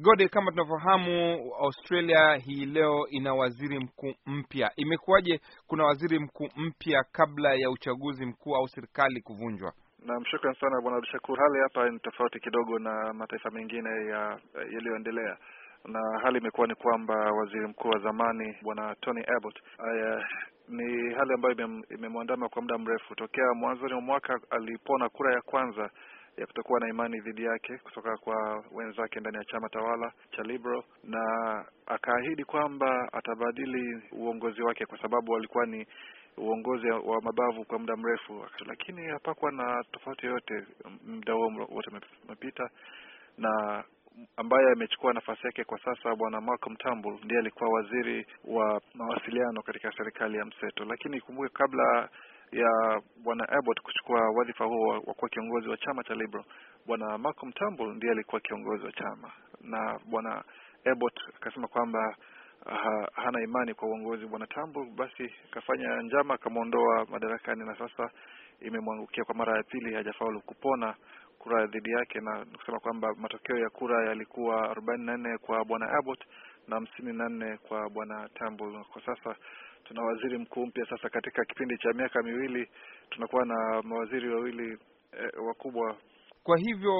Gode, kama tunavyofahamu, Australia hii leo ina waziri mkuu mpya. Imekuwaje kuna waziri mkuu mpya kabla ya uchaguzi mkuu au serikali kuvunjwa? Naam, shukran sana bwana Abdushakur. Hali hapa ni tofauti kidogo na mataifa mengine yaliyoendelea na hali imekuwa ni kwamba waziri mkuu wa zamani bwana Tony Abbott aya, eh, ni hali ambayo imemwandama kwa muda mrefu tokea mwanzoni mwa mwaka alipona kura ya kwanza ya kutokuwa na imani dhidi yake kutoka kwa wenzake ndani ya chama tawala cha Liberal, na akaahidi kwamba atabadili uongozi wake kwa sababu walikuwa ni uongozi wa mabavu kwa muda mrefu, lakini hapakuwa na tofauti yoyote. Muda huo wote umepita na ambaye amechukua nafasi yake kwa sasa Bwana Malcolm Turnbull ndiye alikuwa waziri wa mawasiliano katika serikali ya mseto. Lakini kumbuke, kabla ya bwana Abbott kuchukua wadhifa huo wa kuwa kiongozi wa chama cha Liberal, bwana Malcolm Turnbull ndiye alikuwa kiongozi wa chama, na bwana Abbott akasema kwamba ha, ah, hana imani kwa uongozi bwana Turnbull, basi akafanya njama akamwondoa madarakani, na sasa imemwangukia kwa mara ya pili, hajafaulu kupona kura dhidi yake, na kusema kwamba matokeo ya kura yalikuwa arobaini na nne kwa bwana Abbott na hamsini na nne kwa bwana Turnbull. Kwa sasa tuna waziri mkuu mpya sasa. Katika kipindi cha miaka miwili tunakuwa na mawaziri wawili eh, wakubwa. Kwa hivyo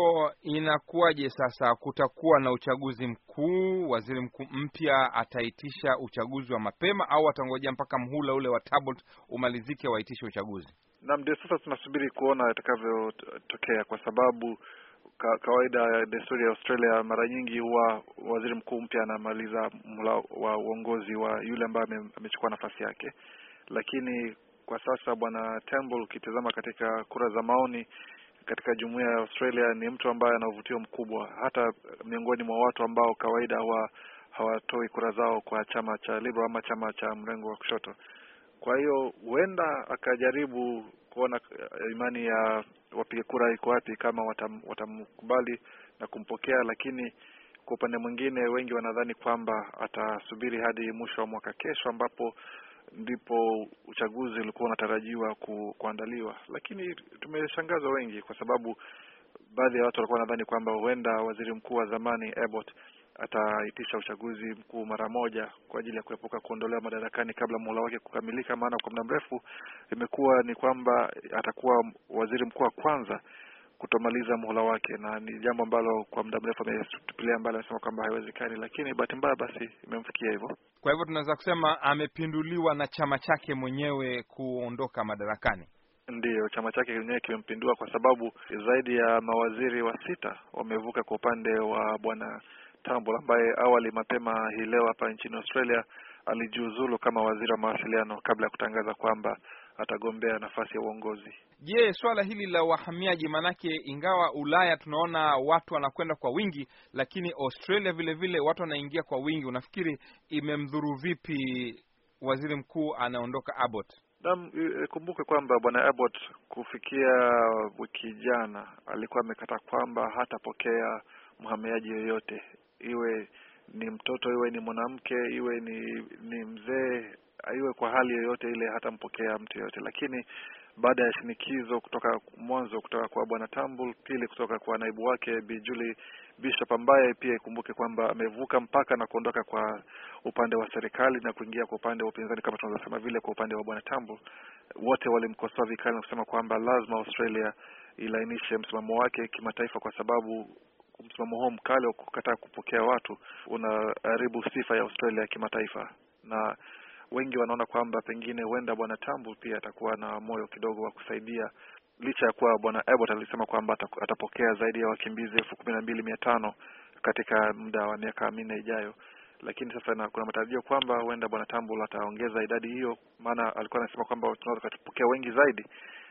inakuwaje sasa? Kutakuwa na uchaguzi mkuu, waziri mkuu mpya ataitisha uchaguzi wa mapema au atangojea mpaka mhula ule wa Talbot umalizike waitishe uchaguzi? Naam, ndio sasa tunasubiri kuona itakavyotokea kwa sababu kawaida desturi ya Australia, mara nyingi huwa waziri mkuu mpya anamaliza mla wa uongozi wa yule ambaye amechukua nafasi yake, lakini kwa sasa bwana Turnbull, ukitazama katika kura za maoni katika jumuiya ya Australia, ni mtu ambaye ana uvutio mkubwa, hata miongoni mwa watu ambao kawaida wa hawatoi kura zao kwa chama cha Liberal ama chama cha mrengo wa kushoto. Kwa hiyo huenda akajaribu kuona eh, imani ya wapiga kura iko wapi, kama watamkubali na kumpokea. Lakini kwa upande mwingine, wengi wanadhani kwamba atasubiri hadi mwisho wa mwaka kesho, ambapo ndipo uchaguzi ulikuwa unatarajiwa ku, kuandaliwa. Lakini tumeshangazwa wengi, kwa sababu baadhi ya watu walikuwa wanadhani kwamba huenda waziri mkuu wa zamani Abbott ataitisha uchaguzi mkuu mara moja kwa ajili ya kuepuka kuondolewa madarakani kabla muhula wake kukamilika, maana kwa muda mrefu imekuwa ni kwamba atakuwa waziri mkuu wa kwanza kutomaliza muhula wake, na ni jambo ambalo kwa muda mrefu ametupilia mbali, amesema kwamba haiwezekani, lakini bahati mbaya basi imemfikia hivyo. Kwa hivyo tunaweza kusema amepinduliwa na chama chake mwenyewe kuondoka madarakani. Ndiyo, chama chake chenyewe kimempindua, kwa sababu zaidi ya mawaziri wa sita wamevuka kwa upande wa bwana Turnbull ambaye awali mapema hii leo hapa nchini Australia alijiuzulu kama waziri wa mawasiliano kabla ya kutangaza kwamba atagombea nafasi ya uongozi. Je, swala hili la wahamiaji, maanake ingawa Ulaya tunaona watu wanakwenda kwa wingi, lakini Australia vile vile watu wanaingia kwa wingi, unafikiri imemdhuru vipi waziri mkuu anaondoka Abbott? Naam, e, kumbuke kwamba bwana Abbott kufikia wiki jana alikuwa amekata kwamba hatapokea mhamiaji yoyote iwe ni mtoto, iwe ni mwanamke, iwe ni ni mzee, iwe kwa hali yoyote ile, hata mpokea mtu yoyote. Lakini baada ya shinikizo kutoka mwanzo, kutoka kwa bwana Tambul, pili kutoka kwa naibu wake Bi juli Bishop, ambaye pia ikumbuke kwamba amevuka mpaka na kuondoka kwa upande wa serikali na kuingia kwa upande wa upinzani, kama tunavyosema vile, kwa upande wa bwana Tambul, wote walimkosoa vikali na kusema kwamba lazima Australia ilainishe msimamo wake kimataifa, kwa sababu msimamo huo mkali wa kukataa kupokea watu unaharibu sifa ya Australia ya kimataifa, na wengi wanaona kwamba pengine huenda bwana Tambu pia atakuwa na moyo kidogo wa kusaidia, licha ya kuwa bwana Abbott alisema kwamba atapokea zaidi ya wakimbizi elfu kumi na mbili mia tano katika muda wa miaka minne ijayo lakini sasa na, kuna matarajio kwamba huenda bwana Tambul ataongeza idadi hiyo, maana alikuwa anasema kwamba tunaweza tukapokea wengi zaidi,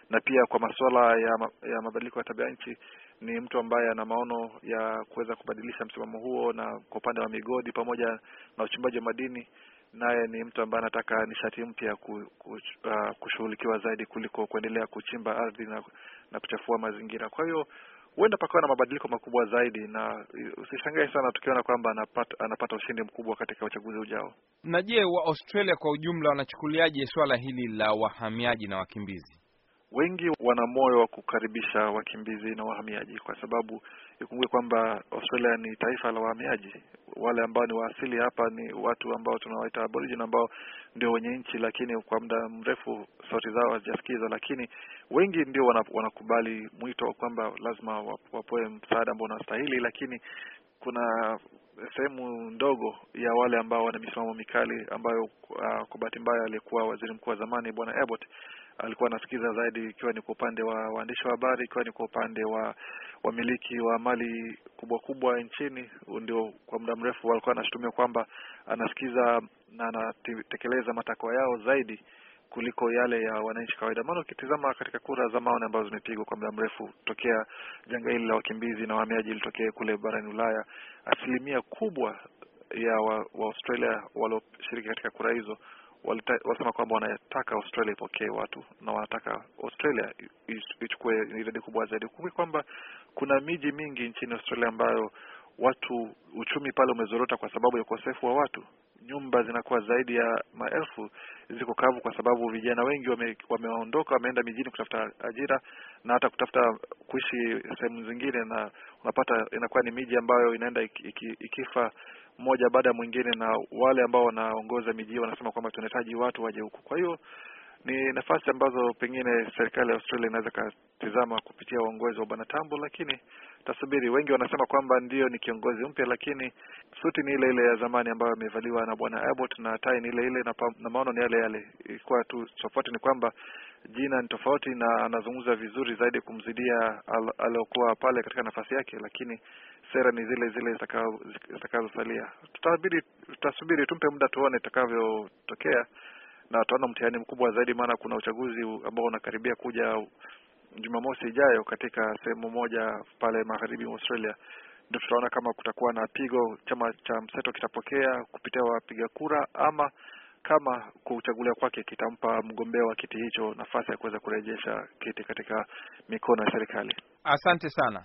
na pia kwa masuala ya, ma, ya mabadiliko ya tabia nchi ni mtu ambaye ana maono ya kuweza kubadilisha msimamo huo, na kwa upande wa migodi pamoja na uchimbaji wa madini naye ni mtu ambaye anataka nishati mpya ku, ku, uh, kushughulikiwa zaidi kuliko kuendelea kuchimba ardhi na, na kuchafua mazingira. Kwa hiyo huenda pakawa na mabadiliko makubwa zaidi, na uh, usishangae sana tukiona kwamba anapata, anapata ushindi mkubwa katika uchaguzi ujao. Na je, wa Australia kwa ujumla wanachukuliaje swala hili la wahamiaji na wakimbizi? wengi wana moyo wa kukaribisha wakimbizi na wahamiaji, kwa sababu ikumbuke kwamba Australia ni taifa la wahamiaji. Wale ambao ni waasili hapa ni watu ambao tunawaita Aboriginal, ambao ndio wenye nchi, lakini kwa muda mrefu sauti zao hazijasikizwa, lakini wengi ndio wanakubali mwito kwamba lazima wapoe msaada ambao unastahili, lakini kuna sehemu ndogo ya wale ambao wana misimamo mikali ambayo, uh, kwa bahati mbaya aliyekuwa waziri mkuu wa zamani Bwana Abbott alikuwa anasikiza zaidi, ikiwa ni kwa upande wa waandishi wa habari, ikiwa ni kwa upande wa wamiliki wa mali kubwa kubwa nchini, ndio kwa muda mrefu walikuwa anashutumia kwamba anasikiza na anatekeleza matakwa yao zaidi kuliko yale ya wananchi kawaida. Maana ukitizama katika kura za maoni ambazo zimepigwa kwa muda mrefu tokea janga hili la wakimbizi na wahamiaji ilitokea kule barani Ulaya, asilimia kubwa ya wa, wa Australia walioshiriki katika kura hizo walisema kwamba wanataka Australia ipokee watu na wanataka Australia ichukue idadi kubwa zaidi. Ukumbuke kwamba kuna miji mingi nchini Australia ambayo watu uchumi pale umezorota kwa sababu ya ukosefu wa watu. Nyumba zinakuwa zaidi ya maelfu ziko kavu, kwa sababu vijana wengi wameondoka, wame wameenda mijini kutafuta ajira na hata kutafuta kuishi sehemu zingine, na unapata inakuwa ni miji ambayo inaenda ikifa iki, iki mmoja baada ya mwingine, na wale ambao wanaongoza miji wanasema kwamba tunahitaji watu waje huku. Kwa hiyo ni nafasi ambazo pengine serikali ya Australia inaweza ikatizama kupitia uongozi wa bwana Tambo, lakini tasubiri. Wengi wanasema kwamba ndiyo ni kiongozi mpya, lakini suti ni ile ile ya zamani ambayo imevaliwa na bwana Abbott na tai ni ile ile na, na maono ni yale yale. Ilikuwa tu tofauti ni kwamba jina ni tofauti na anazungumza vizuri zaidi kumzidia al, aliokuwa pale katika nafasi yake, lakini sera ni zile zile zitakazosalia. Tutabidi tutasubiri, tumpe muda tuone itakavyotokea, na tutaona mtihani mkubwa zaidi, maana kuna uchaguzi ambao unakaribia kuja Jumamosi ijayo katika sehemu moja pale magharibi mwa Australia. Ndio tutaona kama kutakuwa na pigo chama cha mseto kitapokea kupitia wapiga kura ama kama kuchaguliwa kwake kitampa mgombea wa kiti hicho nafasi ya kuweza kurejesha kiti katika mikono ya serikali. Asante sana.